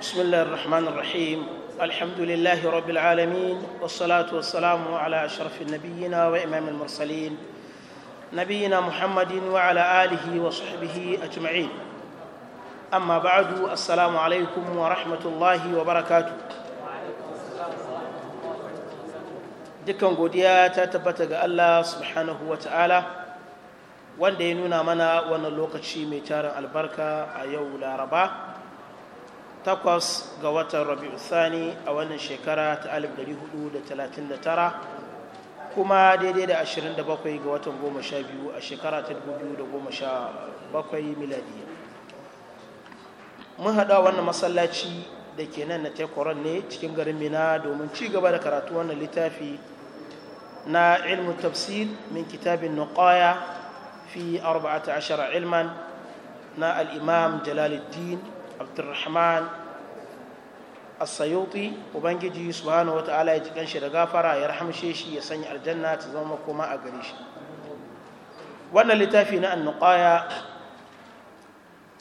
بسم الله الرحمن الرحيم الحمد لله رب العالمين والصلاة والسلام على أشرف النبيين وإمام المرسلين نبينا محمد وعلى آله وصحبه أجمعين أما بعد السلام عليكم ورحمة الله وبركاته dukkan godiya ta tabbata ga Allah subhanahu wa ta'ala wanda ya nuna mana wannan lokaci mai tarin albarka a yau laraba takwas ga watan rabi'u Sani a wannan shekara ta 1439 kuma daidai da 27 ga watan 12 a shekara ta 2017 miladiya mun haɗa wannan masallaci da ke nan na tekwaron ne cikin garin mina domin ci gaba da karatu wannan littafi na ilmu tafsir min kitabin nuqaya fi 14 ilman na al'imam jalaluddin abdurrahman asayuti ubangiji subhanahu wa ta'ala ya ji kanshi da gafara ya rahamshe shi ya sanya aljanna ta zama koma a gare shi wannan littafi na annuqaya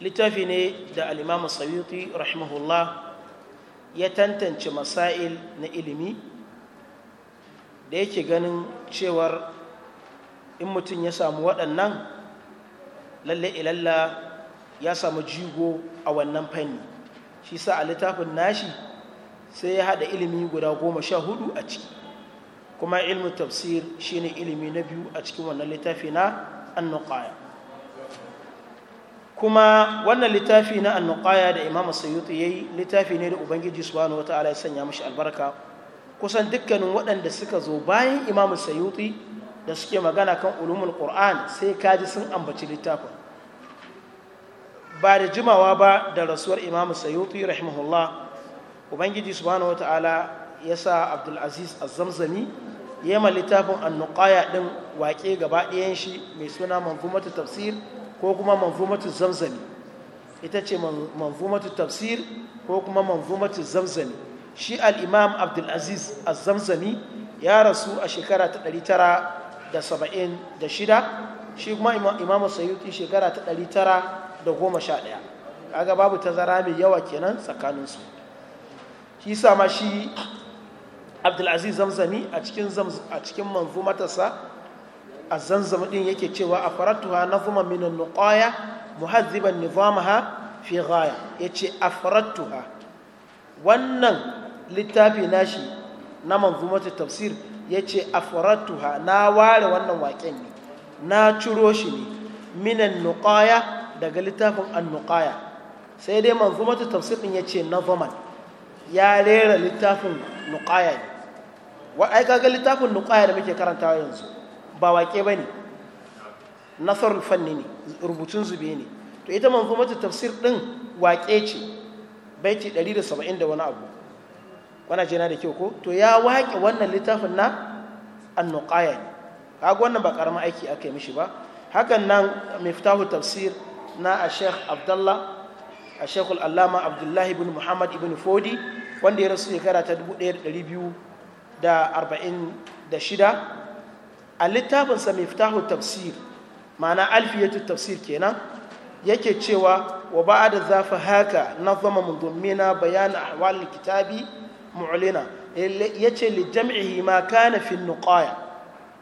littafi ne da al-imam asayuti rahimahullah ya tantance masail na ilimi da yake ganin cewar in mutum ya samu waɗannan lalle ilalla ya samu jigo a wannan fanni shi sa a littafin nashi sai ya haɗa ilimi guda goma sha hudu a ciki kuma ilmin tafsir shi ne ilimi na biyu a cikin wannan littafi na annuqaya kuma wannan littafi na annuqaya da imamu ya yayi littafi ne da ubangiji wata ala ya sanya mashi albarka kusan dukkanin waɗanda suka zo bayan imamu sayyutu da suke magana kan ulumul qur'an sai kaji sun ambaci littafin ba da jimawa ba da rasuwar imamu sayuti rahimahullah ubangiji subhanahu wata'ala ya sa abdulaziz azamzami ya ma littafin annuqaya din waƙe gaba ɗayan shi mai suna manzumatu tafsir ko kuma manzumatu zamzami ita ce manzumatu tafsir ko kuma manzumatu zamzami shi al-imam abdulaziz azzamzami ya rasu a shekara ta shida. shi kuma imamu sayuti shekara ta da goma sha ɗaya kaga babu tazara mai yawa kenan tsakaninsu shi sa ma shi abdulaziz zamzami a cikin a cikin manzu matasa a zanzam din yake cewa a faratuwa na zuma minan nukwaya muhazziban nizamaha fi ce yace faratuwa. wannan littafi nashi na manzumatu tafsir ya ce yace faratuwa na ware wannan waken ne na ciro shi ne minan nukwaya daga littafin annuqaya sai dai manzumatu tafsirin ya ce nazaman ya rera littafin nukaya ne wa'ai kaga littafin nukaya da muke karanta yanzu ba waƙe ne nasarar fanni ne rubutun zube ne to ita manzumatu tafsir din waƙe ce bai ce 170 da wani abu wana jina da kyau ko to ya waƙe wannan littafin na annuqaya ne kaga wannan ba ƙaramin aiki aka yi mishi ba hakan nan miftahu tafsir na a sheikh abdullah a abdullahi bin muhammad ibn fodi wanda ya rasu shekara ta 1246 a littafinsa mai fitahu tafsir ma'ana alfiyatu tafsir kenan yake cewa wa ba da zafi haka na zama mundummina bayan ahwal kitabi mu'lina ya ce lijam'ihi ma kana fi nuqaya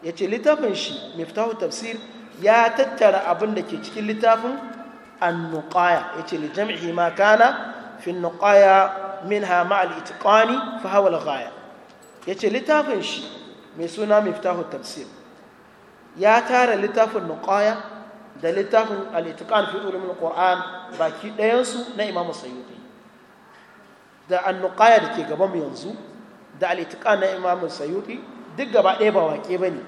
ya ce littafin shi mai tafsir ya tattara abin da ke cikin littafin annuqaya ya ce da jam’i ma kana fin nuqaya min hama al’itikani fi hawal gaya ya ce littafin shi mai suna mai fitahun tafsir ya tara littafin nuƙaya da littafin al’itikani fi ulumin ƙor'an baki ɗayansu na imamu sayyidi da annuqaya da ke gaban yanzu da al’itikani na imamu sayyidi duk gaba ɗaya ba wake ba ne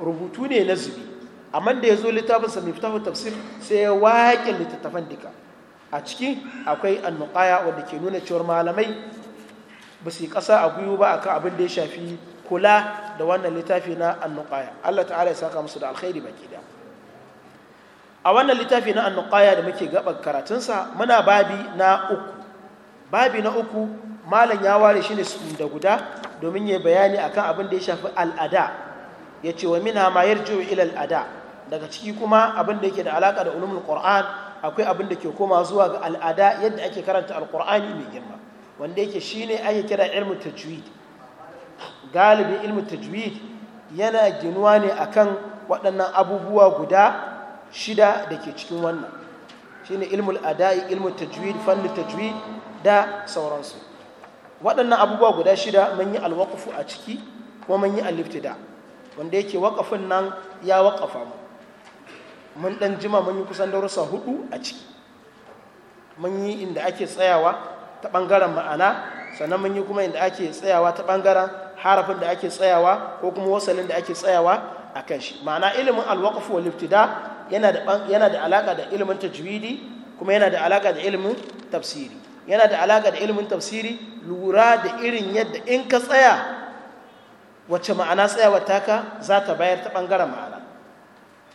rubutu ne na zube. A man da ya zo littafin sa miftahu tafsir sai ya waƙin littattafan duka a ciki akwai annuƙaya wadda ke nuna cewar malamai ba su yi ƙasa a gwiwu ba akan abin da ya shafi kula da wannan littafi na annuƙaya Allah ta'ala ya saka musu da alkhairi baki da a wannan littafi na annuƙaya da muke gaba karatunsa muna babi na uku babi na uku malam ya ware shi ne da guda domin ya bayani akan abin da ya shafi al'ada ya ce wa mina ma yarju ilal ada daga ciki kuma abinda yake da alaka da ulumul qur'an akwai abinda ke koma zuwa ga al'ada yadda ake karanta alkur'ani mai girma wanda yake shine ake kira ilmu tajwid galibin ilmu tajwid yana ginuwa ne akan waɗannan abubuwa guda shida da ke cikin wannan shine ilmul ada'i ilmu tajwid fannin tajwid da sauransu waɗannan abubuwa guda shida mun yi alwakufu a ciki kuma mun yi da. wanda yake waƙafin nan ya wakafa mu mun ɗan jima mun yi kusan darussa hudu a ciki mun yi inda ake tsayawa ta ɓangaren ma'ana sannan mun yi kuma inda ake tsayawa ta ɓangaren harafin da ake tsayawa ko kuma wasalin da ake tsayawa a kan shi ma'ana ilimin alwaƙaf wa liftida yana da alaƙa da ilimin tajwidi kuma yana da alaƙa da ilimin tafsiri yana da alaƙa da ilimin tafsiri lura da irin yadda in ka tsaya wacce ma'ana tsayawar taka za ta bayar ta ɓangaren ma'ana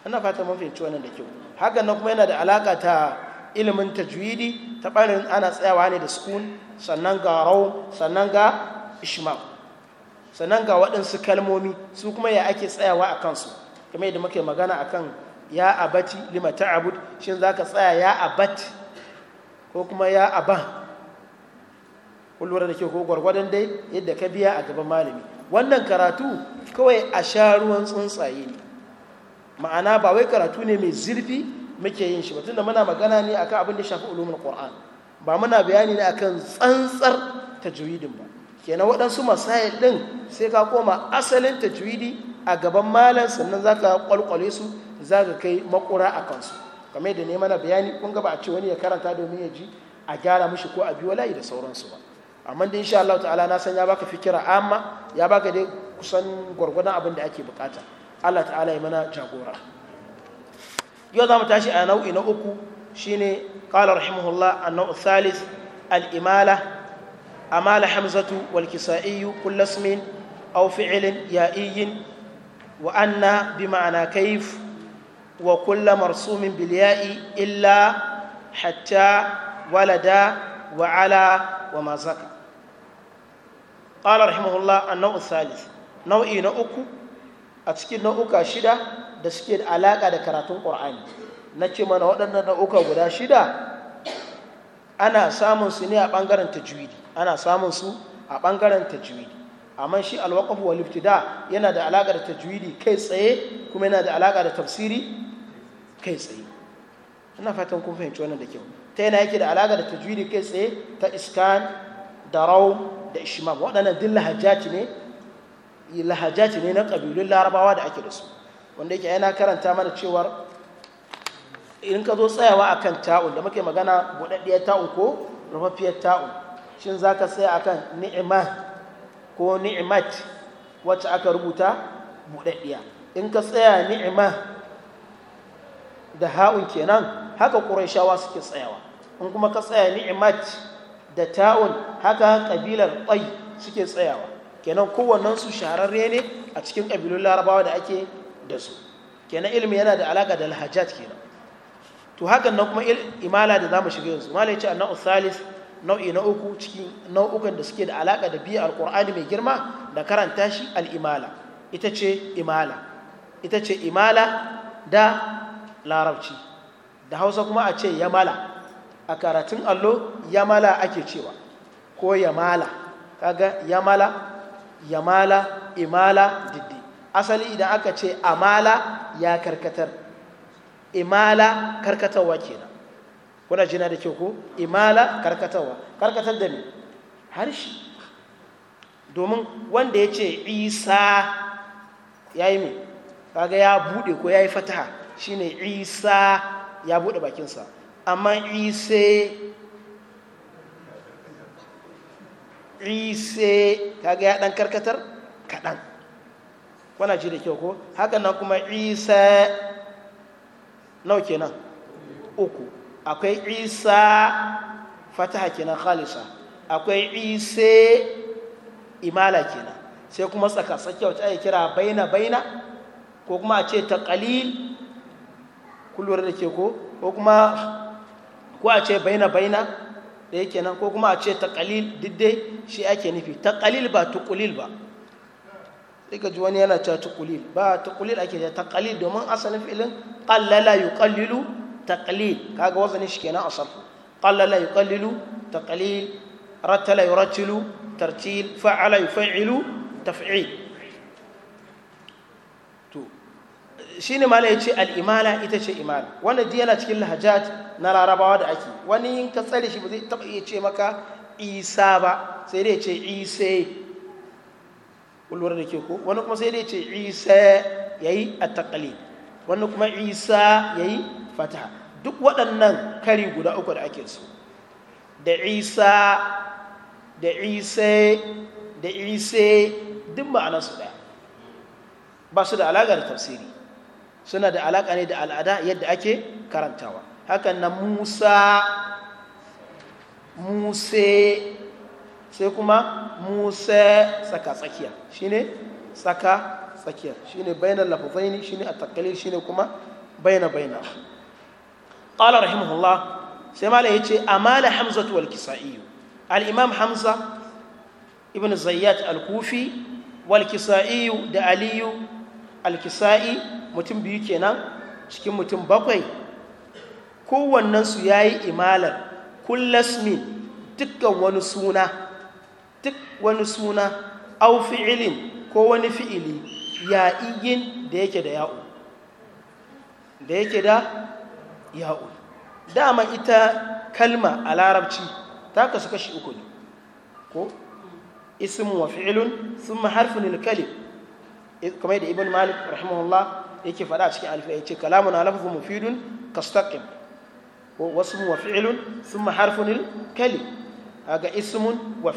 ana fata mafi nan wannan da kyau haka na kuma yana da alaka ta ilimin tajwiri ta ɓangaren ana tsayawa ne da sukun sannan ga rau sannan ga ishima, sannan ga waɗansu kalmomi su kuma ya ake tsayawa a kansu kamar yadda muke magana a kan ya abati lima ta'abud shin ka tsaya ya abat ko kuma ya aban Kullum da kyau ko gwargwadon dai yadda ka biya a gaban malami wannan karatu kawai a sha ruwan tsuntsaye ne ma'ana ba wai karatu ne mai zirfi muke yin shi ba tunda muna magana ne akan abin da shafi ulumin qur'an ba muna bayani ne akan tsantsar tajwidin ba kenan waɗansu masayil ɗin sai ka koma asalin tajwidi a gaban malam sannan za ka kwalkwale su za ka kai makura a kansu kamar da ne mana bayani kun gaba a ce wani ya karanta domin ya ji a gyara mishi ko a wala yi da sauransu ba amma da insha Allah ta'ala na san ya baka fikira amma ya baka dai kusan gwargwadon abin da ake bukata Allah ta'ala ya mana jagora yau za mu tashi a nau'i na uku shine qala rahimahullah an thalith al-imala amala hamzatu wal kisai kull ismin aw fi'lin ya'iyin wa anna bi kayf wa kull marsumin bil ya'i illa hatta walada wa ala wa ma zaka ƙalar himahullah a nau'in salis nau'i na uku a cikin nau'uka shida da suke da alaƙa da karatun ƙor'ani na ce mana waɗannan nau'uka guda shida ana samun su ne a ɓangaren juwidi ana samun su a ɓangaren juwidi amma shi alwakafu wa liftida yana da alaƙa da juwidi kai tsaye kuma yana da alaƙa da tafsiri kai tsaye ina fatan kun fahimci wannan da kyau ta yana yake da alaƙa da juwidi kai tsaye ta iskan da raw da ishmam waɗannan din lahajaci ne ne na ƙabilun larabawa da ake da su wanda yake yana karanta mana cewar in ka zo tsayawa a kan ta'un da muke magana buɗaɗɗiyar ta'u ko rufaffiyar ta'un shin za ka tsaya kan ni'ima ko ni'imat wacce aka rubuta buɗaɗɗiya in ka tsaya ni'ima da ha'un kenan haka shawa suke tsayawa in kuma ka tsaya ni'imat da ta'un haka ƙabilar ƙwai suke tsayawa kenan kowannensu shahararre ne a cikin ƙabilun larabawa da ake da su kenan ilimi yana da alaƙa da alhajjat kenan to hakan nan kuma imala da za mu shiga yanzu ya ce annan usalis nau'i na uku cikin nau'ukan da suke da alaƙa da biya alƙur'ani mai girma da karanta shi al'imala ita ce imala ita ce imala da larabci da hausa kuma a ce yamala a karatun allo yamala ake cewa ko yamala kaga yamala yamala imala diddi asali idan aka ce amala ya karkatar imala karkatarwa kenan kuna jina da kyau ko imala karkatarwa karkatar da me harshe domin wanda ya ce isa ya yi kaga ya bude ko ya yi fataha shine isa ya bude bakinsa amma ise ise kaga ya dan karkatar kaɗan wana ji da kyau ko haka nan kuma isa nau kenan uku akwai isa fataha kenan khalisa akwai ise imala kenan sai kuma tsaka tsakiya wacce ake kira baina baina ko kuma a ce ta kalil kullum da ke ko ko kuma ko a ce baina baina da yake nan ko kuma a ce taqalil diddai shi ake nufi taqalil ba tuqulil ba sai ka ji wani yana cewa tuqulil ba tuqulil ake cewa taqalil domin asalin filin qallala yuqallilu taqlil kaga wazanin shi kenan asal qallala yuqallilu taqlil rattala yurattilu tartil fa'ala yuf'ilu taf'il shi ne mala ya ce al'imala ita ce imala wanda yana cikin lahajat na larabawa da ake wani yin ka tsari shi ba zai taɓa iya ce maka isa ba sai dai ce isa ƙulwar da ke ko wani kuma sai dai ce isa ya yi a takali wani kuma isa ya yi fata duk waɗannan kari guda uku da ake so da isa da isa da isa duk ma'anarsu ɗaya ba su da alaƙar tafsiri suna da alaƙa ne da al'ada yadda ake karantawa hakan na musa muse sai kuma musa tsaka tsakiya shine tsaka tsakiya shine bayanan lafafaini shine a takalil shine kuma bayana bayana ƙala rahimahullah sai mala ya ce amala hamzatu wal kisa'iyu al'imam hamza ibn zayyat al-kufi wal kisa'iyu da aliyu al-kisa'i mutum biyu kenan cikin mutum bakwai kowannensu ya yi imalar kullasmin dukkan wani suna duk wani suna au fi'ilin ko wani fi'ili ya igin da yake da ya'u da yake da ya'u dama ita kalma a larabci ta kasu kashi uku ne ko ismu wa fi'ilun sun maharfin kalim kamar da ibn malik rahimahullah yake faɗa cikin alfiya yace kalamun alafzu mufidun kastaqim wasmun wa sun ma harfun kali aga ismun wa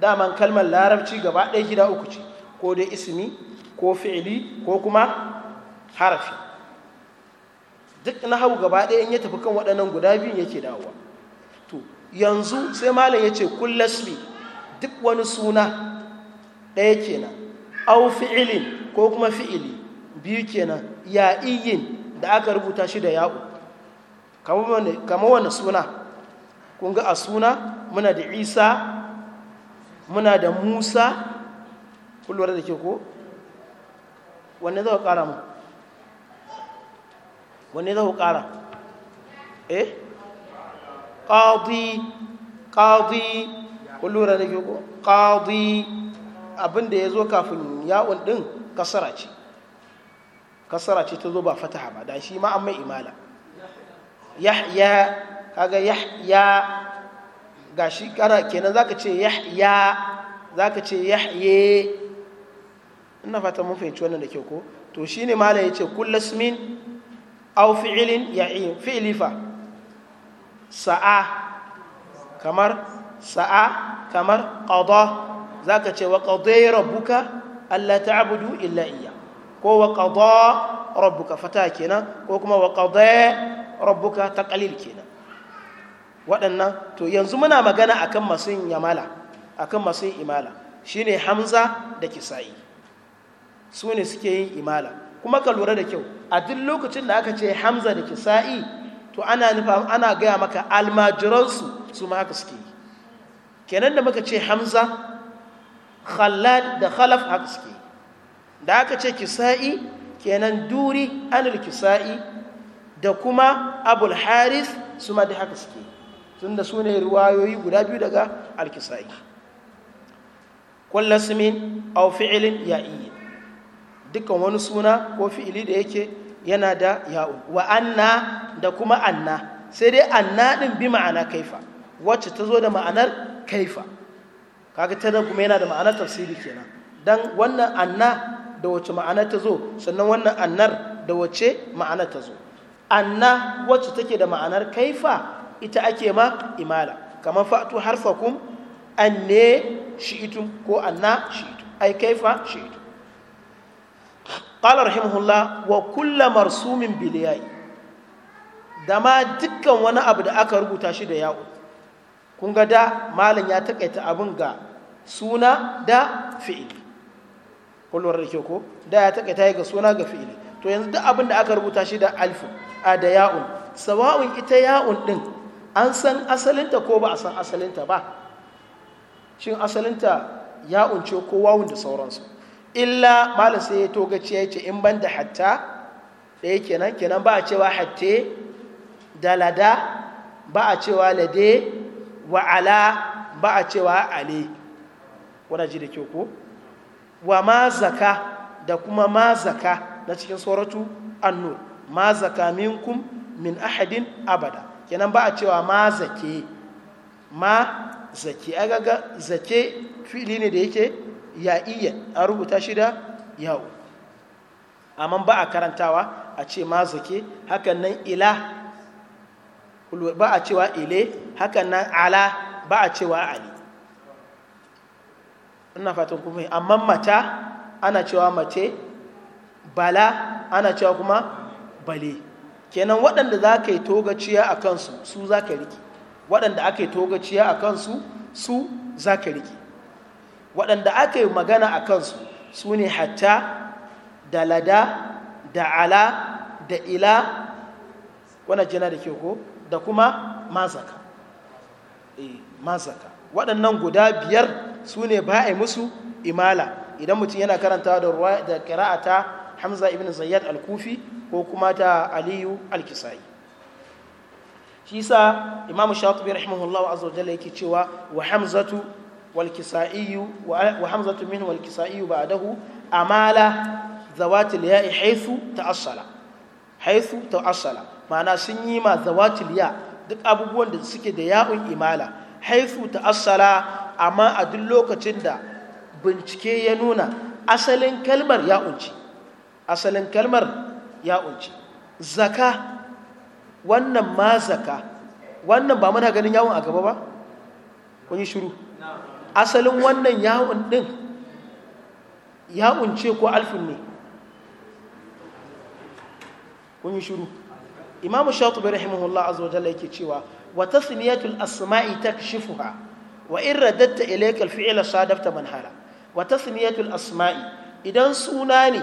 daman kalmar larabci gaba ɗaya gida uku ce ko dai ismi ko fi'ili ko kuma harafi duk na hau gaba ɗaya in ya tafi kan waɗannan guda biyun yake dawowa to yanzu sai malam ya ce kullasmi duk wani suna ɗaya kenan au fi'ilin ko kuma fi'ili biyu kenan ya iyin da aka rubuta shi da ya'u kama wani suna kun ga a suna muna da isa muna da musa kullum da ke ko wanne za ku kara mu wanne zai ku kara eh ƙadi ƙadi kullum da ke ko ƙadi abinda ya zo kafin ya'un ɗin kasara ce kasara ce ta zo ba fataha ba da shi ma an mai imala yahya kaga yahya gashi kana kenan zaka ce yahya zaka ce yahye ina fata mun fahimci wannan da kyau ko to shine mala yace kullu ismin aw fi'lin in fi'li fa sa'a kamar sa'a kamar qada zaka ce wa qadayra rabbuka alla ta'budu illa iyyah ko wa qada rabbuka fata kenan ko kuma wa ta rabbuka taqlil kenan waɗannan to yanzu muna magana a kan masu yamala a kan masu imala Shi ne hamza da kisa'i su ne suke yin imala kuma ka lura da kyau a duk lokacin da aka ce hamza da kisa'i to ana nufa ana gaya maka almajiransu su ma haka suke yi kenan da muka ce hamza khallad da khalaf haka suke da aka ce kisa'i kenan duri anil kisa'i da kuma abul haris su ma da haka suke tun da su ne ruwayoyi guda biyu daga alkisa'i kullasmin au fi'ilin ya'iyin dukkan wani suna ko fi'ili da yake yana da ya'u wa anna da kuma anna sai dai anna ɗin bi ma'ana kaifa wacce ta zo da ma'anar kaifa kaga ta kuma yana da ma'anar tafsiri kenan dan wannan anna da wace ma'ana ta zo sannan wannan annar da wace ma'ana ta zo anna wacce take da ma'anar kaifa ita ake ma imala kamar fa'atu harfakum anne shi'itu ko anna shi'itu ai kaifa shi'itu qala rahimahullah wa kullu marsumin bil ya'i dama dukkan wani abu da aka rubuta shi da ya'u kun ga da malam ya takaita abin ga suna da fi'ili kullum da ke ko da ya ga suna ga fi'ili to yanzu duk abin da aka rubuta shi da alfu a da ya'un sawa'un ita ya'un ɗin an san asalinta ko ba a san asalinta ba shin asalinta ya'un ce ko wawun da sauransu illa malam sai ya toga ce ya ce in ban da hatta ɗaya kenan kenan ba a cewa hatte da lada ba a cewa lade wa ala ba a cewa ale wadaji da kyau ko wa ma da kuma ma na cikin suratu annur ma zaka minkum min ahadin abada kenan ba a cewa ma zake ma zake agaga zake fili ne da yake ya iya an rubuta shi da yawo amma ba a karantawa a ce ma hakan nan ila ba a cewa ile hakan nan ala ba a cewa ali ina fatan kuma amma mata ana cewa mace bala ana cewa kuma bale kenan waɗanda za ka yi togaciya a kansu su za ka riki waɗanda aka yi togaciya a kansu su za ka riki waɗanda aka yi magana a kansu su ne hatta da lada da ala da ila wana jina da ke ko da kuma mazaka eh, waɗannan guda biyar su ne ba a musu imala idan mutum yana karanta da ruwa da kira'ata hamza ibn zayyad al-kufi ko kuma ta aliyu al-kisai shi sa imamu shatubi rahimahullah azza wa jalla yake cewa wa hamzatu wal kisaiyu wa hamzatu min wal kisaiyu amala zawatil ya'i haythu ta'assala haythu ta'assala ma'ana sun yi ma zawatil ya' duk abubuwan da suke da ya'un imala haifu ta'assala amma a duk lokacin da bincike ya nuna asalin kalmar ya unci asalin kalmar ya unci zaka wannan ma zaka wannan ba muna ganin yawon a gaba ba kun yi shiru asalin wannan yawon din ya unce ko alfin ne kun yi shiru imamu shatubi rahimahullah azza wa jalla yake cewa wata siniyatul asma'i ta ha wa in raddatta ilayka al-fi'la sadafta manhala wa tasmiyatul asma'i idan suna ne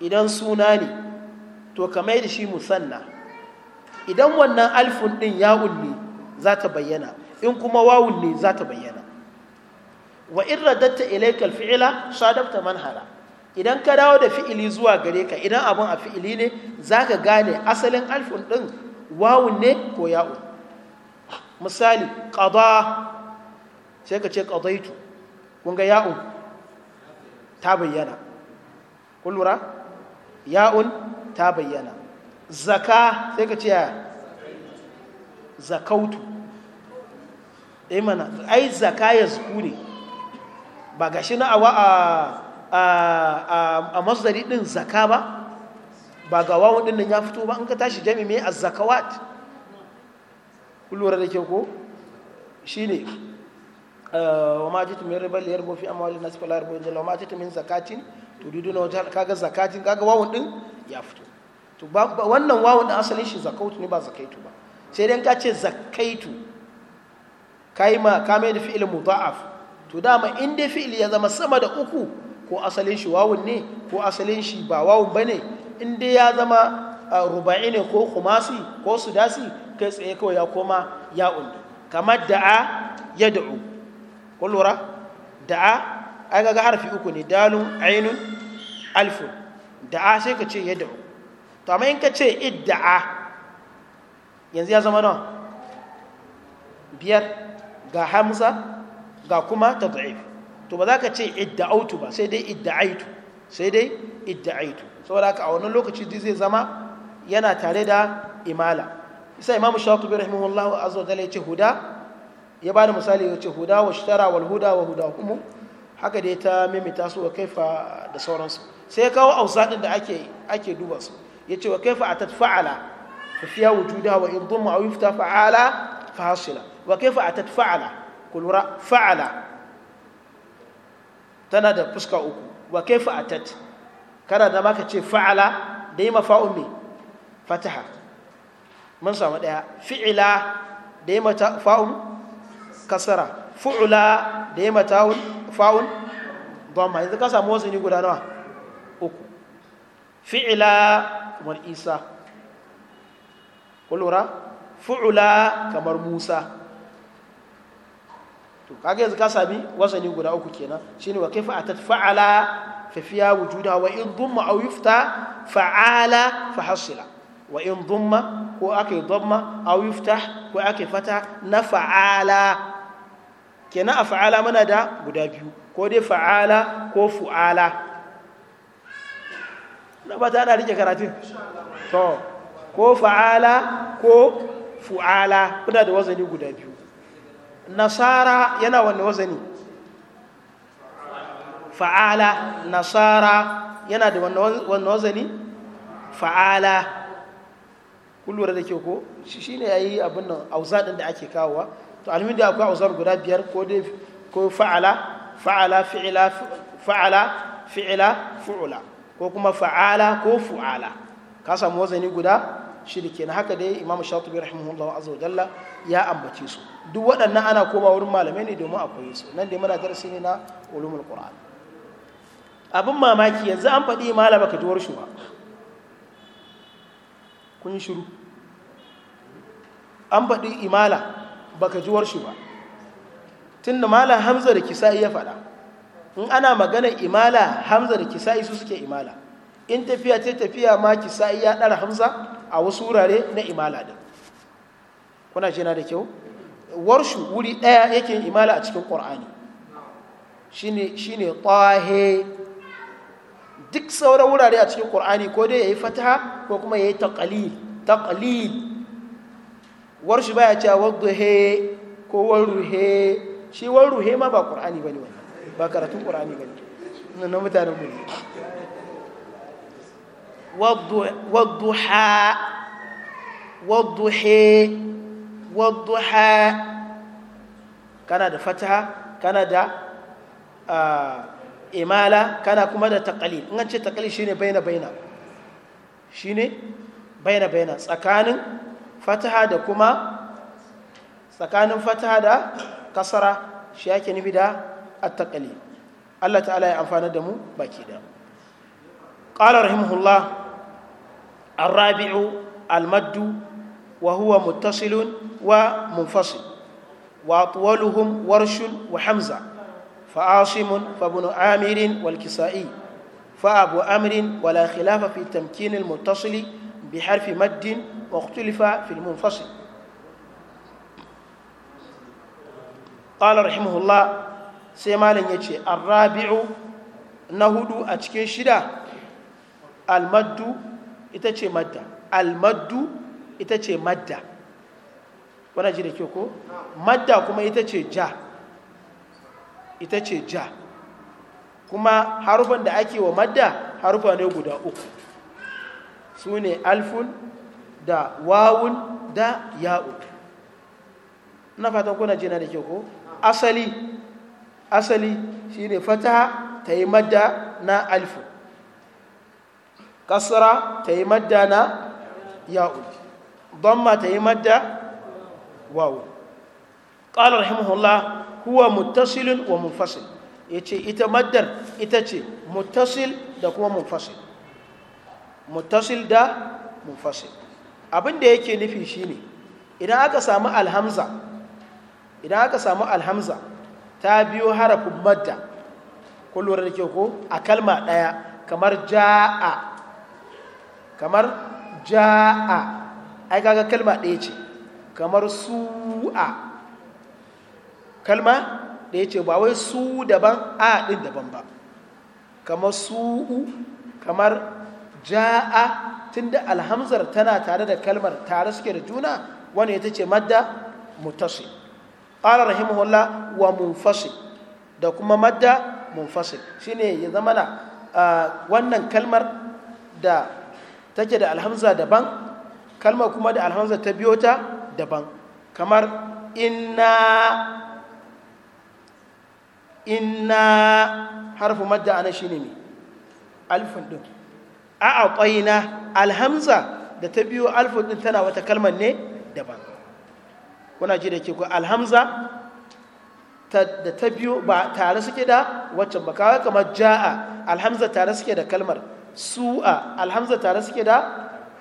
idan to kamar da shi musanna idan wannan alfun din ya'un ne za ta bayyana in kuma wawun ne za ta bayyana idan ka dawo da fi'ili zuwa gare ka idan abin a fi'ili ne za ka gane asalin alfun ɗin wawun ne ko ya'un misali ƙaba sai ka ce ƙazaitu ƙunga ya'un ta bayyana kun ya'un ta bayyana zaka sai ka ce ya zakautu eh ai ai zaka ya zuku ne ba shi na awa a a mazari ɗin zaka ba ba ga wawon ɗin nan ya fito ba in ka tashi jami'i mai zakawat. kun da ke ko shi ne. وما جئت من ربا ليربو في اموال الناس فلا يربو الا وما جئت من زكاه تريدون وجه كاغا زكاه كاغا wawon din ya fito to wannan wawan din asalin shi zakautu ne ba zakaitu ba sai dai ka ce zakaitu kai ma ka mai da fi'il mudha'af to dama inda fi'il ya zama sama da uku ko asalin shi wawun ne ko asalin shi ba wawun ba ne inda ya zama eh, ruba'i ne ko kumasi ko sudasi kai tsaye kawai ya koma ya ya'un kamar da'a ya da'u kullura da'a ai gaga harfi uku ne dalun ainun alfun da'a sai ka ce yad'u to amma in ka ce idda'a yanzu ya zama nawa biyar ga hamza ga kuma tad'if to ba za ka ce idda'autu ba sai dai idda'aitu sai dai idda'aitu saboda haka a wannan lokaci zai zama yana tare da imala isa imamu shatubi rahimahullahu azza wa jalla yace huda ya ba bada misali ya ce huda wa shitara wal huda wa huda kuma haka dai ta mimita su wa kaifa da sauransu sai ya kawo ausadin da ake ake duba su ya ce wa kaifa atat fa'ala fa fiya wujuda wa in dhumma aw yufta fa'ala fa hasila wa kaifa atat fa'ala kulura fa'ala tana da fuska uku wa kaifa atat kana da maka ce fa'ala da yi mafa'un me fataha mun samu daya fi'ila da yi mata fa'un kasara fu'ula da ya matawun fa'un dhamma yanzu ka samu wasu ni guda nawa uku fi'ila kamar isa kulura fu'ula kamar musa to kage yanzu ka sami wasani guda uku kenan shine wa kaifa atat fa'ala fa fiya wujuda wa in dhamma aw yufta fa'ala fa hasila wa in dhamma ko ake dhamma aw yufta ko ake fata na fa'ala kenan a fa'ala muna da guda biyu ko dai fa'ala ko fu'ala na ba ta ana rike karatun to ko fa'ala ko fu'ala muna da wazani guda biyu nasara yana wani wazani fa'ala nasara yana da wani wazani fa'ala kullum da ke ko shi ne ya yi abin nan auzaɗin da ake kawowa to alimin da akwai ausar guda biyar ko dai ko fa'ala fa'ala fi'ila fa'ala fi'ila fu'ula ko kuma fa'ala ko fu'ala ka samu wazani guda shida kenan haka dai imam shatibi rahimahullah azza wa jalla ya ambace su duk waɗannan ana koma wurin malamai ne domin a koyi su nan dai muna darasi ne na ulumul qur'an abin mamaki yanzu an faɗi malama ka tuwar shi ba kun shiru an faɗi imala baka juwar shi ba Tun tunda malam hamza da kisa'i ya faɗa in ana magana imala hamza da kisa'i su suke imala in tafiya ta tafiya ma kisa'i ya ɗara hamza a wasu wurare na imala din kuna ce da kyau warshu wuri ɗaya yake imala a cikin ƙur'ani shine shine tahe duk sauran wurare a cikin ƙur'ani ko dai yayi fataha ko kuma yayi taqlil taqlil warshi baya cewa he ko he shi he ma ba ba ne wannan ba karatun ba ne nan na mutanen mu he wadda ha kana da fataha kana da imala kana kuma da takali in an ce ne shine baina baina shine baina baina tsakanin fataha da kuma tsakanin fataha da kasara shi yake nufi da attakali Allah ta'ala ya amfana da mu baki da qala rahimahullah ar-rabi'u al wa huwa muttasilun wa munfasil wa atwaluhum warshun wa hamza فعاصم فابن عامر walkisa'i فأبو أمر wala khilafa fi tamkinin muttasili بحرف مد واختلف في المنفصل قال رحمه الله سيمال يجي الرابع نهد أتكي شدا المد إتكي مد المد إتكي مد wana ji da kyau ko madda kuma ita ce ja ita ce ja kuma harufan da ake wa madda harufa ne guda uku su ne alfun da wawun da ya'ud na fatan kuna jina da ke ko asali asali shi ne fata ta yi madda na alfu. kasara ta yi madda na ya'ud donma ta yi madda wawun ƙala rahimahullah huwa mutasilin wa mufasil ya ce ita maddar ita ce mutasil da kuma mufasil mutasil da munfasil abin da yake nufi shine idan aka samu alhamza idan aka samu alhamza ta biyo harafin madda kun da ke ko a kalma ɗaya kamar ja'a kamar ja'a ai kaga kalma ɗaya ce kamar su'a kalma ɗaya ce ba wai su daban a ɗin daban ba kamar su'u kamar ja'a tunda alhamzar tana tare da kalmar tare suke da juna wani ita ce madda mutasi ƙara rahimahullah wa mufasi da kuma madda shi shine ya zama na wannan kalmar da take da alhamza daban kalmar kuma da alhamza ta biyo ta daban kamar inna inna harfu madda ana ne mai alifin ɗin a na. alhamza da ta biyo alfudin tana wata kalmar ne daban kuna ji da ke ku alhamza da ta biyo ba tare suke da waccan ba kawai kamar ja'a alhamza tare suke da kalmar su'a alhamza tare suke da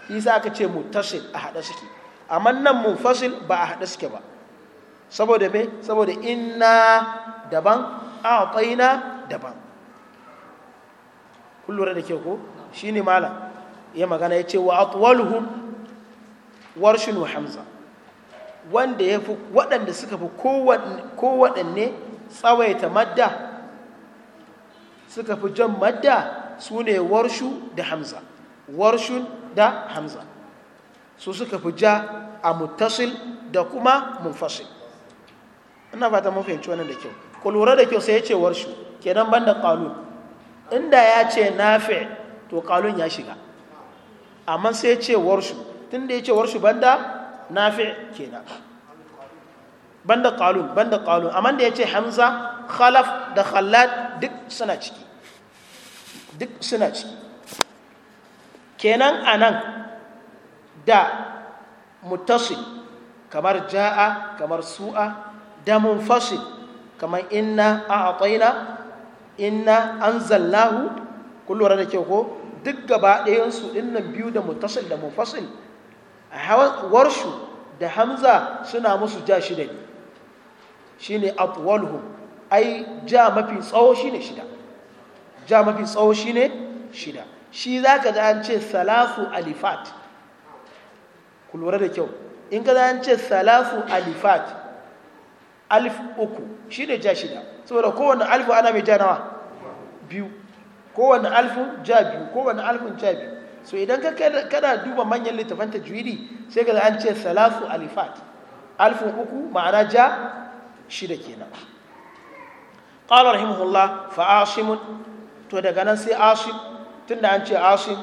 isa aka ce mutasil a haɗe suke amma nan fashin ba a haɗe suke ba saboda me saboda ina daban a daban kullum da ke ko shine malam ya magana ya ce wa atwaluhum warshun wa hamza wanda ya fi waɗanda suka fi kowaɗanne tsawaita madda suka fi jan madda su ne warshu da hamza warshun da hamza su suka fi ja a mutasil da kuma munfasil ina fata mun fahimci wannan da kyau ku da kyau sai ya ce warshu kenan banda qalun inda ya ce nafi' to kalon ya shiga amma sai ce warshu tun da ya ce warshu banda nafi na banda kalon banda kalon amma da ya ce hamza khalaf da khalad duk suna ciki duk suna ciki kenan anan da mutasil kamar ja'a kamar su'a da munfasil kamar inna a ataina inna an zallahu kullum da ke ko duk gaba ɗayansu ɗinnan biyu da mutasil da mufasil warshu da hamza suna musu ja shida ne shi ne abuwalhu ai ja mafi tsawo shi ne shida ja mafi tsawo shi ne shida shi za ka ji an ce salafu alifat ku lura da kyau in ka ji an ce salafu alifat alif uku shi ne ja shida saboda kowane alifu ana mai ja nawa biyu kowane alfin ja biyu kowane alfin ja biyu so idan ka kada duba manyan littafan tajwidi sai ka an ce salasu alifat alfin uku ma'ana ja shida kenan qala rahimahullah fa asim to daga nan sai asim tunda an ce asim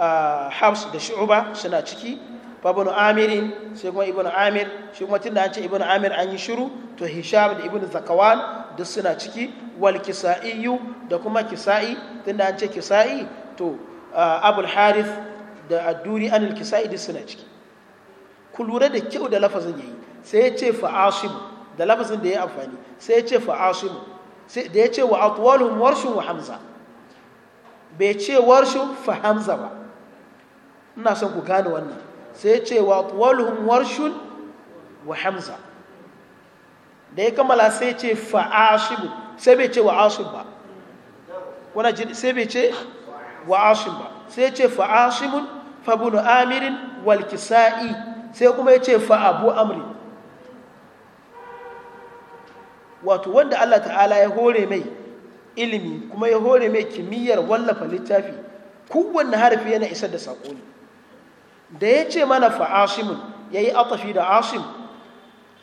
ah, habs da shu'ba suna ciki babanu Amirin, sai kuma ibn amir shi kuma tunda an ce ibn amir an yi shiru to hisham da ibn zakawan duk suna ciki wal kisaiyu da kuma kisai tunda an ce kisai to abul harith da adduri anil kisai duk suna ciki ku lura da kyau da lafazin yayi sai ya ce fa'asim da lafazin da ya amfani sai ya ce fa'asim da ya ce wa atwaluhum warshun wa hamza bai ce warshun fa hamza ba ina son ku gane wannan sai ce wa tuwaluhum warshun wa hamza da ya kammala sai ce fa'ashibu sai bai ce wa Asun ba wana ji sai bai ce wa Asun ba sai ce fa'ashibun fa amirin wal sai kuma ya ce fa amri wato wanda Allah ta'ala ya hore mai ilimi kuma ya hore mai kimiyyar wallafa littafi kowanne harfi yana isar da saƙoni. da ya ce mana fa'ashimun ya yi atafi da ashim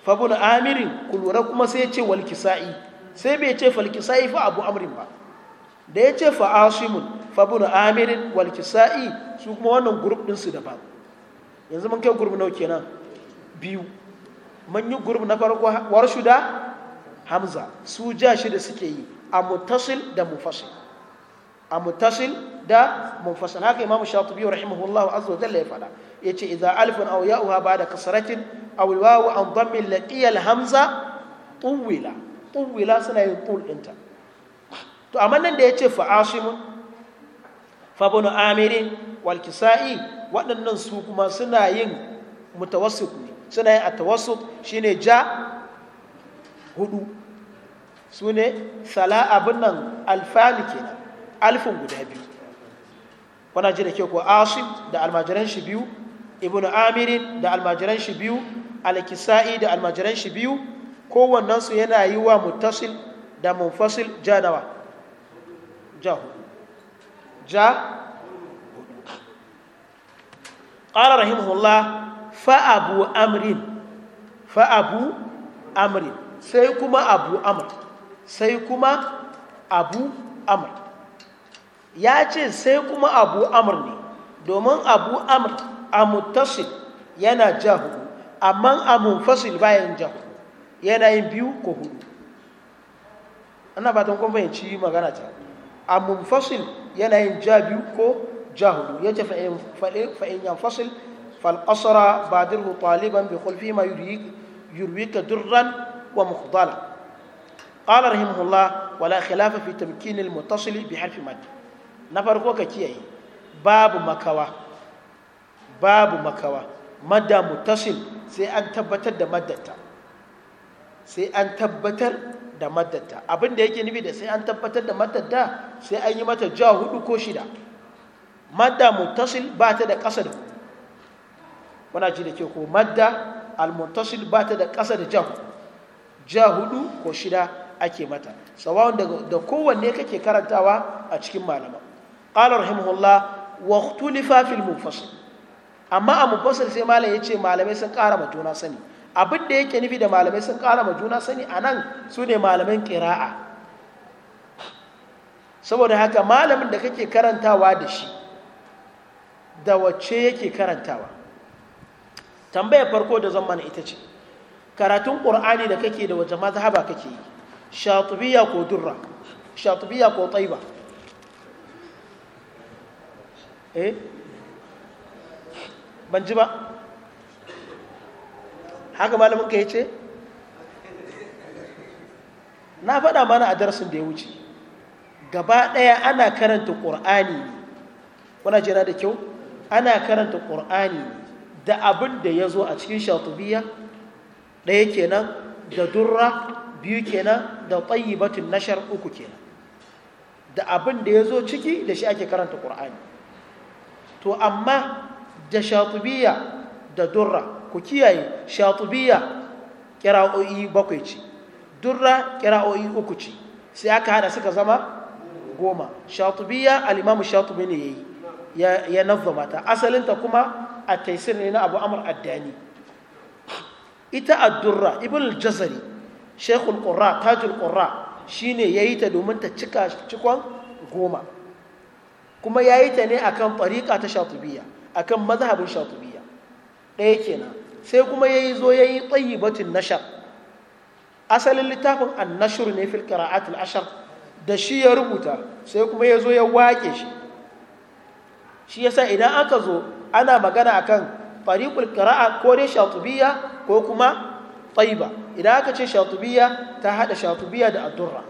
fabun amirin kulura kuma sai ya ce walkisa'i sai bai ce falkisa'i fa abu amrin ba da ya ce fa'ashimun fabun amirin walkisa'i su kuma wannan gurub ɗinsu ba, yanzu mun kai gurub nauke nan, biyu mun yi gurub na farko warshu da hamza su ja shi da suke yi a mutasil da mufasil a mutasil da munfasil haka imamu shatibi rahimahullahu azza wa jalla ya fada yace idza alifun aw ya'uha ba'da kasratin aw wawu an dhammin laqiya al hamza tuwila tuwila suna yin tul to amma nan da ya ce asimun fa bunu amirin wal kisa'i waɗannan su kuma suna yin a suna yin atawassit shine ja huɗu sune ne sala abin nan alfani kenan alfin guda biyu wana ji da ke ko asib da almajiran shi biyu ibnu amirin da almajiran shi biyu alkisa'i da almajiran shi biyu kowannensu yana yi wa mutasil da munfasil janawa ja ja قال رحمه الله فأبو أمر فأبو أمر سيكما أبو أمر سيكما أبو ya ce sai kuma abu amur ne domin abu amur a muttasil yana ja hudu amma a munfasil bayan ja yana yin biyu ko hudu ana ta kun fahimci magana ta a munfasil yana yin ja biyu ko ja hudu ya ce fa'in yan fasil ba dirhu taliban bi kulfi ma yurwika durran wa muhdala قال رحمه الله ولا خلاف في تمكين bi بحرف مد na farko ka kiyaye babu makawa babu makawa madda mutasil sai an tabbatar da maddata sai an tabbatar da maddata Abinda yake nufi da sai an tabbatar da maddata sai an yi mata ja hudu ko shida madda mutasil ba ta da ƙasa da wana ji da ke ko madda al mutasil ba ta da ƙasa da ja ja hudu ko shida ake mata tsawon da kowanne kake karantawa a cikin malama qala rahimahullah wa ikhtulifa fil amma a munfasil sai malam ce malamai sun ƙara ma juna sani abin da yake nufi da malamai sun ƙara ma juna sani nan su ne malaman ƙira'a saboda haka malamin da kake karantawa da shi da wacce yake karantawa tambayar farko da zan mana ita ce karatun ƙur'ani da kake da wace mazhaba kake yi shatubiya ko durra shatubiya ko taiba eh ban ji ba haka malamin ka ya ce na faɗa mana a darasin da ya wuce gaba ɗaya ana karanta ƙur'ani ne kuna jira da kyau ana karanta ƙur'ani da abin da ya zo a cikin shatubiya ɗaya kenan da durra biyu kenan da tsayi batun nashar uku kenan da abin da ya zo ciki da shi ake karanta ƙur'ani to amma da shatubiya da durra ku kiyaye shatubiya kira'o'i bakwai ce durra kira'o'i uku ce sai aka hada suka zama goma shatubiya alimamu shatubi ne ya yi ya nazzama ta asalinta kuma a taisir ne na abu amur addani ita addurra ibn al-jazari shekul qurra tajul qurra shine yayi ta domin ta cika cikon goma kuma ya yi ta ne akan tariƙa ta shatubiya akan mazhabin shatubiya ɗaya kenan sai kuma ya yi zo ya yi tsayibatin nashar asalin littafin annashur ne fil ashar da shi ya rubuta sai kuma ya zo ya wake shi shi sa idan aka zo ana magana akan tariqul qira'a ko dai shatubiya ko kuma tayyiba idan aka ce shatubiya ta haɗa shatubiya da addurra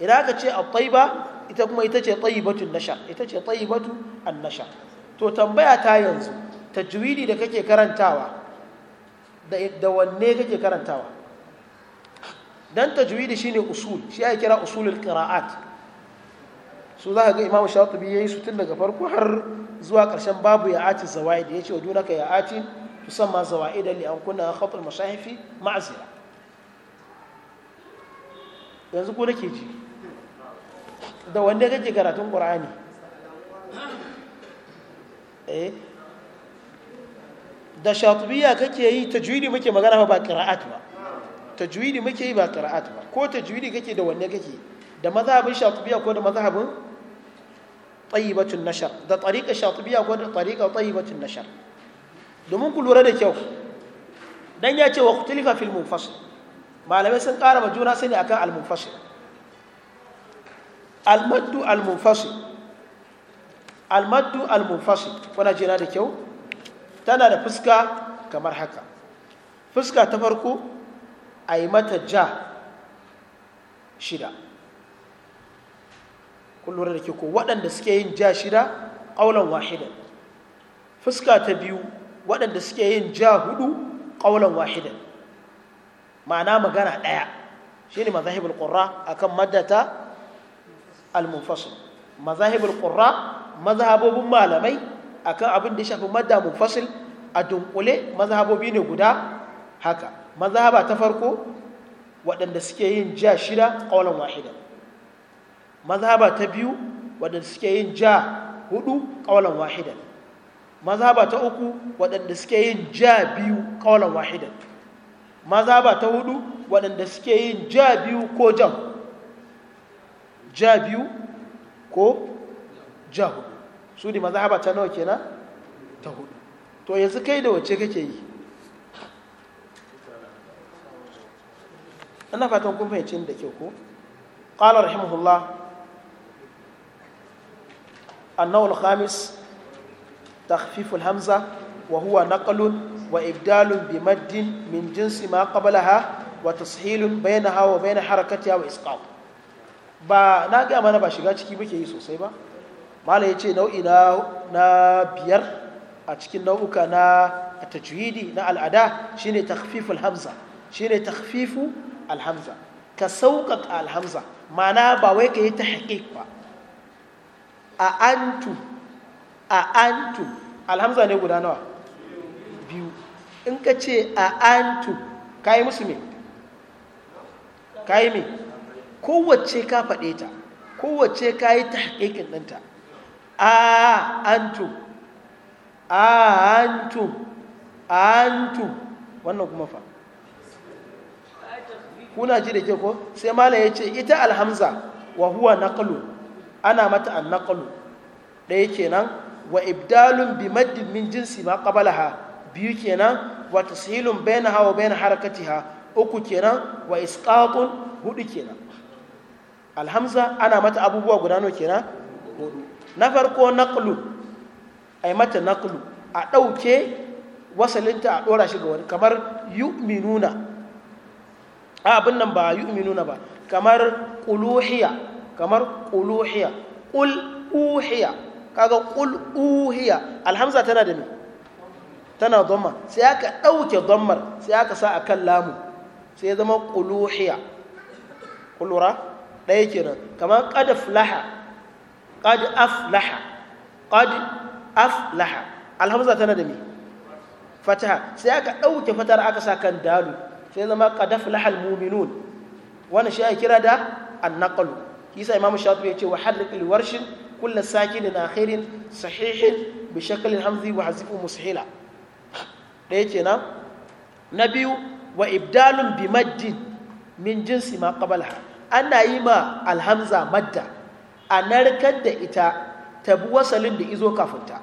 idan aka ce a tayyiba ita kuma ita ce tsayibatun nasha ita ce tsayibatu an nasha to tambaya ta yanzu tajwidi da kake karantawa da wanne kake karantawa don dan shi ne usul shi ya kira usulul qira'at su za ka ga imamu shatibi yayi su tun daga farko har zuwa karshen babu ya da ya ce wa dunaka ya atin musamman zawaid da an a khat al mashahifi ma'zira yanzu ko nake ji da wanda kake karatun ƙur'ani eh. da shatubiya kake yi ta juidi muke magana ba ƙira'at ba ta juidi muke yi ba ƙira'at ba ko ta juidi kake da wanda kake da mazhabin shatubiya ko da mazhabin tayyibatun nashar da tariƙa shatubiya ko da tariƙa tayyibatun nashar domin ku lura da kyau dan ya ce wa kutilifa fil munfasil malamai sun ƙara ma juna sani akan al munfasil almaddu almunfasil almaddu almunfasil wana jina da kyau tana da fuska kamar haka fuska ta farko a yi mata ja shida kullum da ke ko waɗanda suke yin ja shida ƙaunar wahidan fuska ta biyu waɗanda suke yin ja hudu ƙaunar wahidan ma'ana magana ɗaya shi ne mazahibin ƙura a kan maddata al-munfasil mazahibul qurra mazhabobin malamai akan abin da shafi madda munfasil a dunkule mazhabobi ne guda haka mazhaba ta farko waɗanda suke yin ja shida ƙaunar wahida mazhaba ta biyu waɗanda suke yin ja hudu ƙaunar wahida mazhaba ta uku waɗanda suke yin ja biyu ƙaunar wahida mazhaba ta hudu waɗanda suke yin ja biyu ko jam ja biyu ko ja su ne maza haɓata nawa ke nan to yanzu kai da wace kake yi ana fatan kun fahimci da kyau ko ƙalar rahimahullah annawul khamis takhfiful hamza wa huwa naqlun wa ibdalun bi maddin min jinsi ma qablaha wa tashilun bainaha wa bain harakatiha wa isqatiha ba na ga mana ba shiga ciki muke yi sosai ba malam ya ce nau'i na biyar a cikin nau'uka na tajwidi na al'ada shine takhfiful hamza shine takhfifu alhamza ka sauƙaƙa alhamza ma'ana ba wai ka yi ta ba a antu a antu alhamza ne guda nawa biyu in ka ce a antu ka yi musu me ka yi me kowace ka faɗe ta kowace ka yi ta haƙiƙin ɗinta a antum a antum a wannan kuma fa kuna ji da ke ko sai mala ya ce ita alhamza wa huwa naƙalu ana mata an naƙalu ɗaya kenan wa ibdalun bi maddin min jinsi ma ha, biyu kenan wa bayan hawa bayan harakati ha, uku kenan wa isqatun hudu kenan alhamza ana mata abubuwa guda nawa kenan hudu na farko naqlu a mata naqlu a ɗauke wasalinta a ɗora shiga wani kamar yu'minuna a abin nan ba yu'minuna ba kamar ƙuluhiya kamar ƙuluhiya ƙul uhiya kaga ƙul uhiya alhamza tana da ne tana zama sai aka ɗauke dhammar sai aka sa akan lamu sai ya zama ƙuluhiya ƙulura ɗaya kenan kamar qad aflaha aflaha qad aflaha alhamza tana da me fataha sai aka ɗauke fatar aka sa kan dalu sai zama qad muminun almu'minun wannan shi ake kira da annakalu kisa imam shafi ya ce wa harriqil warshin kullu sakinin akhirin sahihin bi shaklil hamzi wa hazifu mushila ɗaya kenan na biyu wa ibdalun bi maddin min jinsi ma qabalaha ana yi ma alhamza madda a narkar da ita ta bi wasalin da izo kafinta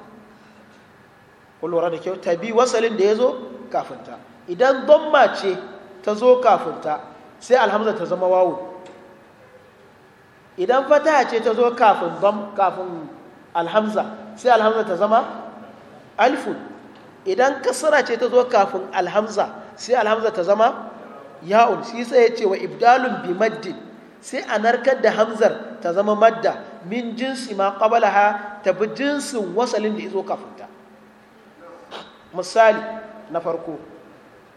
kullura da kyau ta bi wasalin da ya zo kafinta idan gomma ce ta zo kafinta sai alhamza ta zama wawo idan fataha ce ta zo kafin dom kafin alhamza sai alhamza ta zama alfun idan kasara ce ta zo kafin alhamza sai alhamza ta zama ya'un shi sai ya ce wa ibdalun bi maddin sai a narkar da hamzar ta zama madda min jinsi ma qabalaha ta bi jinsin wasalin da izo kafinta misali na farko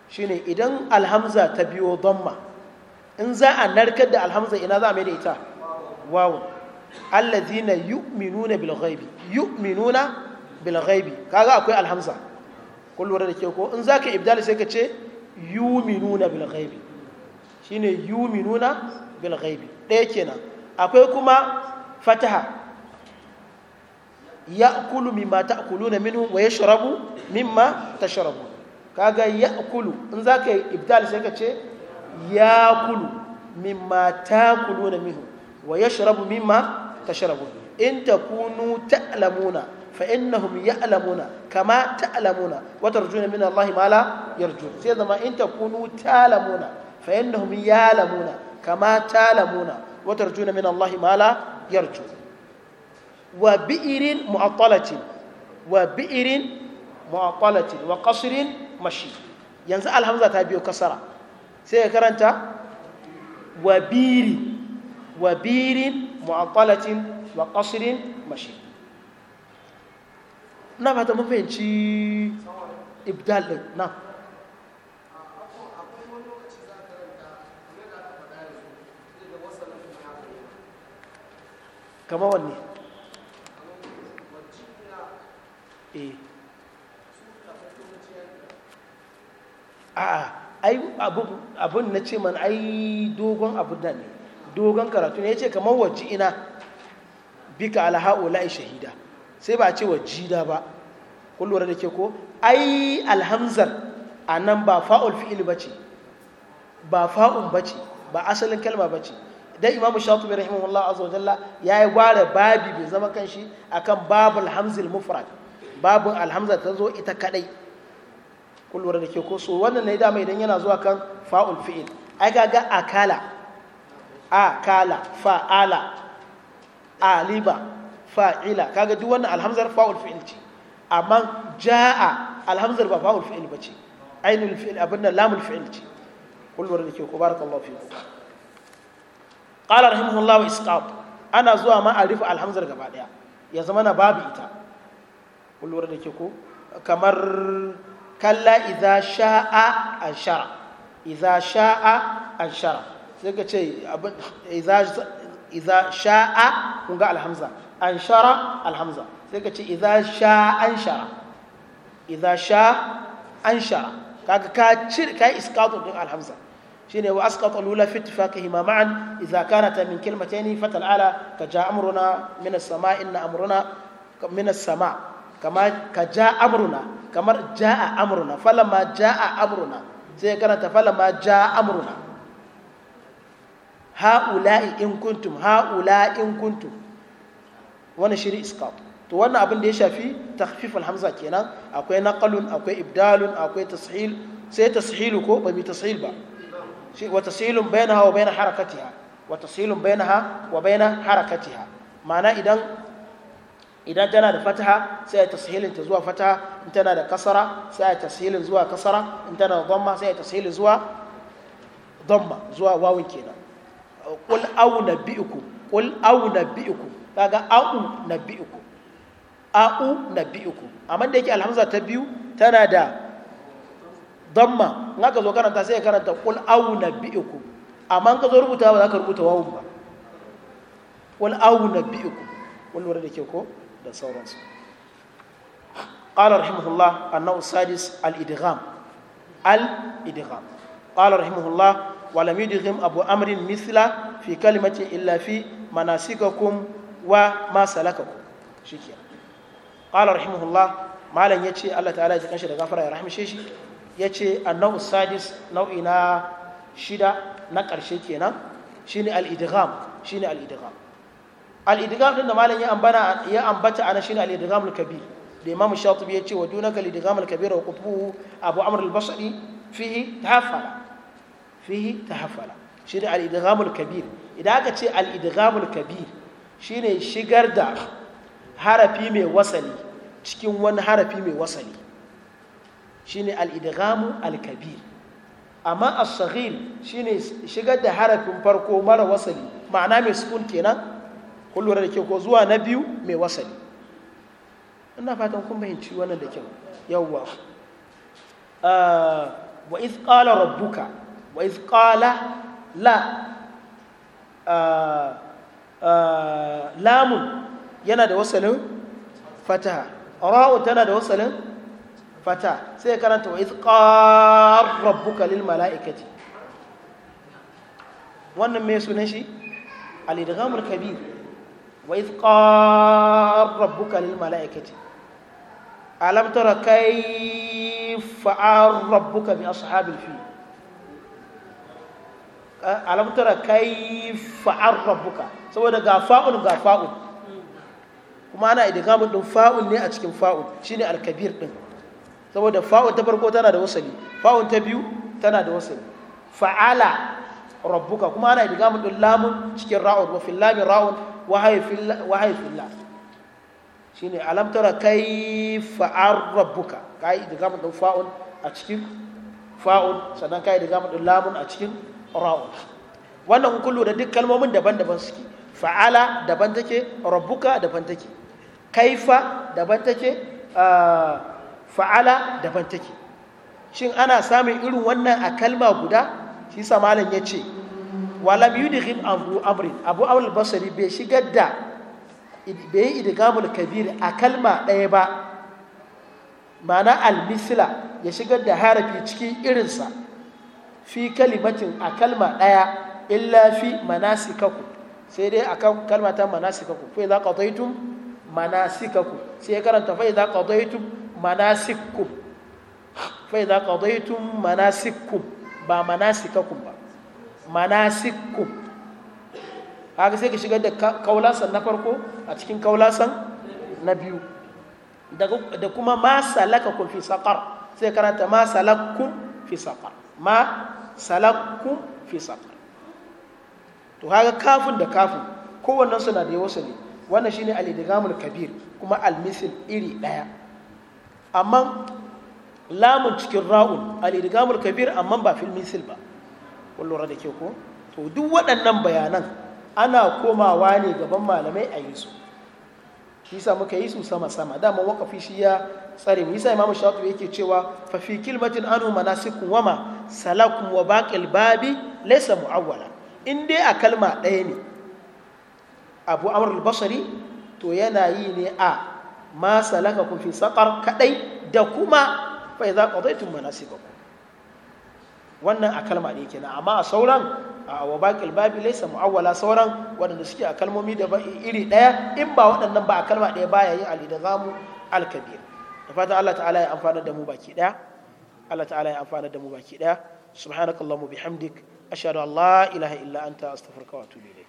shine idan alhamza ta biyo dhamma in za a narkar da alhamza ina za a mai da ita wawun allazina yu'minuna bil ghaibi yu'minuna bil ghaibi kaga akwai alhamza kun lura da ke ko in zaka ibdal sai ka ce yu'minuna bil ghaibi shine yu'minuna bil ghaibi ɗaya kenan akwai kuma fataha ya'kulu mimma ta'kuluna minhu wa yashrabu mimma tashrabu kaga Kulu in zaka yi ibdal sai ka ce ya'kulu mimma ta'kuluna minhu wa yashrabu mimma tashrabu in takunu ta'lamuna فإنهم يعلمون كما تعلمون وترجون من الله ما لا يرجون سيدنا ما إن تكونوا تعلمون فإنهم يعلمون kama talamuna wa tarjuna min Allah ma la yarju wa bi'irin mu'attalatin wa bi'irin mu'attalatin wa qasrin mashi yanzu alhamza ta biyo kasara sai ya karanta wa biri wa birin mu'attalatin wa qasrin mashi na fata mun fahimci ibdal din na kama wanne eh. abin na ce man ai dogon abin da ne dogon karatu ne ya ce kamar waji ina bika alha'ula'i shahida sai ba a ce da ba kun da ke ko ai alhamzar a nan ba fa'ul fi'il ba ce ba fa'un ba ce ba asalin kalma ba ce dan imamu shatibi rahimahullah azza wa jalla yayi gwara babi bai zama kanshi akan babul hamzil mufrad babu alhamza ta zo ita kadai kun lura da ke ko so wannan ne dama idan yana zuwa kan fa'ul fi'il ai kaga akala akala fa'ala aliba fa'ila kaga duk wannan alhamzar fa'ul fi'il ce amma ja'a alhamzar ba fa'ul fi'il bace ainul fi'il abinda lamul fi'il ce kun lura da ke ko barakallahu fiikum qala rahimahullahu isqat ana zuwa ma a rufe alhamzar gaba daya ya zama na babu ita kun da ke ko kamar kalla idza sha'a anshara idza sha'a anshara sai ka ce abin idza idza sha'a kun ga alhamza anshara alhamza sai ka ce idza sha'a anshara idza sha'a anshara kaga ka cire kai iskatu din alhamza shine wa asqata lula fi ittifaqihima ma'an idza ta min kalimatayn ala. ka ja amuruna min sama inna amuruna min sama kama ka ja amuruna. kamar ja a ja'a amruna ja a amuruna. sai karanta falamma ja'a amruna ha'ula'i in kuntum ha'ula'i in kuntum Wani shiri iska. to wannan abin da ya shafi takhfiful hamza kenan akwai naqalun akwai ibdalun akwai tashil sai tashilu ko ba bi tashil ba shi wata wa bayan hawa bayan harakatiha wata silun bayan ha wa bayan harakatiha ma'ana idan idan tana da fataha sai ya tashilin ta zuwa fataha in tana da kasara sai ya tashilin zuwa kasara in tana da dhamma sai ya tashilin zuwa dhamma zuwa wawun kenan qul aw nabiukum qul aw nabiukum kaga au nabiukum au nabiukum amma da yake alhamza ta biyu tana da damma na ka zo karanta sai ya karanta kul auna bi'ikum amma ka rubuta ba za ka rubuta wawun ba kul auna wani da ke ko da sauransu ƙalar rahimahullah annahu sadis al-idigham al-idigham ƙalar rahimahullah wa lam yudghim abu amrin misla fi kalimati illa fi manasikakum wa ma salakakum shikenan ƙalar rahimahullah malam yace Allah ta'ala ya kanshi da gafara ya rahimshe ya ce annau sadis nau'i na shida na ƙarshe kenan shine al-idgham shine al-idgham al-idgham din da malam ya ambana ya ambata ana shine al-idgham al-kabir da imam shatibi ya ce wa dunaka al-idgham al-kabir wa qutbu abu amr al-basri fihi tahaffala fihi tahaffala shine al-idgham al-kabir idan aka ce al-idgham al-kabir shine shigar da harafi mai wasali cikin wani harafi mai wasali shine al-idghamu al-kabir amma as-saghir shine shigar da harafin farko mara wasali ma'ana mai sukun kenan kun da ke ko zuwa na biyu mai wasali ina fatan kun fahimci wannan da kyau yawwa ah, wa iz qala rabbuka wa iz qala la ah, ah, lamun yana da wasalin fataha ra'u tana da wasalin fata sai ya karanta wa izqar rabbuka lil malaikati wannan me sunan shi al idghamul kabir wa izqar rabbuka lil malaikati alam tara kayfa rabbuka bi ashabil fil eh, alam tara kayfa rabbuka saboda ga fa'un ga fa'un kuma ana idghamun din fa'un ne a cikin fa'un shine al kabir din saboda fa'un ta farko tana da wasali fa'un ta biyu tana da wasali fa'ala rabbuka kuma ana idgamun din lamun cikin ra'un wa fil lamin ra'un wa hayfil la shine alam tara kayfa rabbuka kai idgamun din fa'un a cikin fa'un sannan ka kai idgamun din lamun a cikin ra'un wannan kun da duk kalmomin daban-daban suke fa'ala daban take rabbuka daban take kaifa daban take ah, fa'ala daban take shin ana samun irin wannan a kalma guda shi sa malam ya ce walam yudhim abu amrin abu awal basari bai shigar da bai yi idgamul kabir a kalma ɗaya ba Mana almisila ya shigar da harafi cikin irinsa fi kalimatin a kalma ɗaya illa fi manasikaku sai dai akan kalma ta manasikaku fa idza qadaytum manasikaku sai ya karanta fai za fa idza qadaytum manasikum fa idza qadaytum manasikum ba manasikakum ba manasikum haka sai ka shigar da kaulasan na farko a cikin kaulasan na biyu da kuma ma salakakum fi saqar sai karanta ma salakkum fi saqar ma salakkum fi saqar to haka kafin da kafin kowannen suna da yawa ne wannan shine al-idghamul kabir kuma al-mithl iri daya amma lamun cikin ra'un al’irgamul kabir amma ba filmin silba ba da ke ko to duk waɗannan bayanan ana komawa ne gaban malamai a yi su shi sa muka yi su sama sama dama wakafi shi ya tsare mu yasa imamu shafi yake cewa fa fi kilmatin anu manasikum wama salakum wa baqil babi laysa muawwala in dai a kalma ɗaya ne abu amr al to yana yi ne a ma salaka kun fi saƙar kaɗai da kuma bai za ƙwazaitun manasikakum wannan a kalma ne kenan amma a sauran a wa babi laisa mu'awwala sauran waɗanda suke a kalmomi da ba iri ɗaya in ba waɗannan ba a kalma ɗaya baya yin alidazamu alkabir da fata Allah ta'ala ya amfana da mu baki ɗaya Allah ta'ala ya amfana da mu baki ɗaya subhanakallahumma bihamdik ashhadu an la ilaha illa anta astaghfiruka wa atubu ilayk